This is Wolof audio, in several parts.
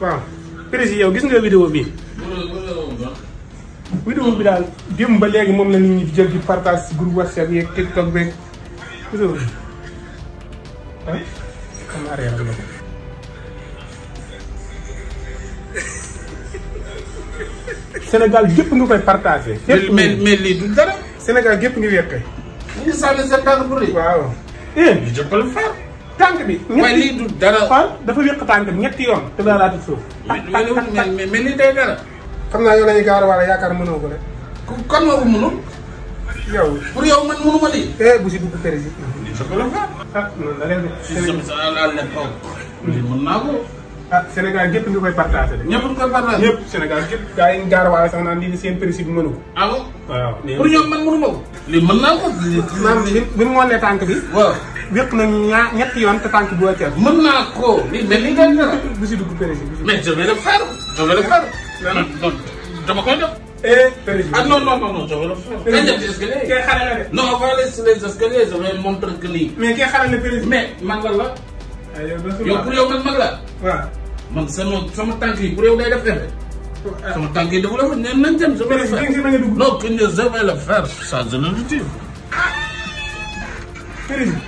waaw président yow gis nga vidéo bi vidéo bi daal démb ba léegi moom la nit ñi di jël di partage groupe whatsapp yeeg tiktok beeg vidéo ah? Sénégal gépp nga koy partagé. mais mais lii du dara. Sénégal gépp ngi sànni seen tànk bu rëy. waaw. eh faar. tànk bi. ñetti lii du dara xool dafa wéq tànk bi ñetti yoon. te daa laati suuf. mais mais lii dara. xam naa yow la ñuy gaar yaakaar mënoo ko de. kon kan moo ko mënul. yow pour yow man eh bu si dugg président. ah non da ngay dugg. mën naa ko. ah Sénégal gépp nga koy partagé de. ñëpp nga koy partagé. ñëpp Sénégal gépp gaa yi ñu gaar waale sax naan lii seen principe mënu ko. ah waaw pour ñoom man mënu ma bi bi wek na ñaa ñetti yoon te tànk bu wàcceel mën naa ko li mel ni dañ la bu si dugg mais je vais le faire je vais le faire dama koy def eh pérési ah non non non non je vais le faire kañ def escalier kay xale la de non on va laisser les escaliers je vais montrer que lii mais kay la mais man la la pour man mag la waaw man sama eh. sama tànk yi pour yow day def effet sama tànk yi dafa la fa nañ dem je vais le faire non que je vais le faire ça je le dis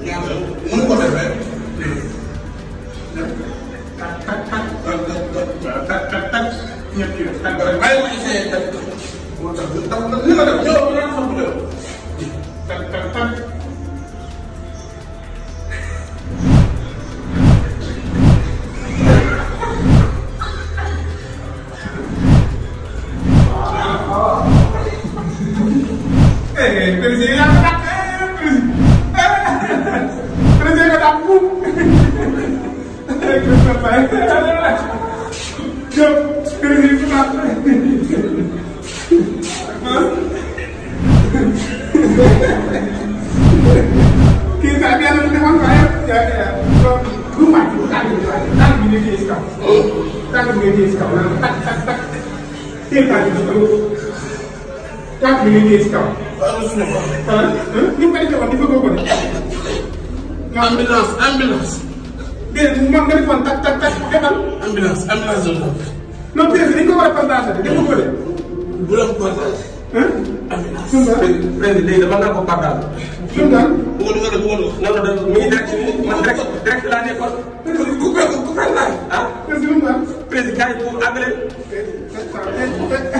mënu ko defee tak tak tak tak tak tak ñëpp ci def tak rek waaye ma essayé def moo tax li ma def ñoo ñoo xam डाकू कि tapi ada teman saya ya ya rumah itu kan kan gini di sekolah kan gini di sekolah tak tak tak kita itu kan gini di sekolah harus nih kan ini kan jangan dibuka ambulance ambulance. déedéet moom nga def woon tak tak tak defal. ambulance ambulance de l'ordre. non déedéet dañu ko war a partagé dañu ko bëri. bu doon partagé. ambulance. suñu daal léegi dama nga ko partagé. suñu daal. bu ko dugalee bu ko dugal. non non mi ngi direct man direct direct laa nekkoon. Ah. président ku ko ku ko ah. président président pour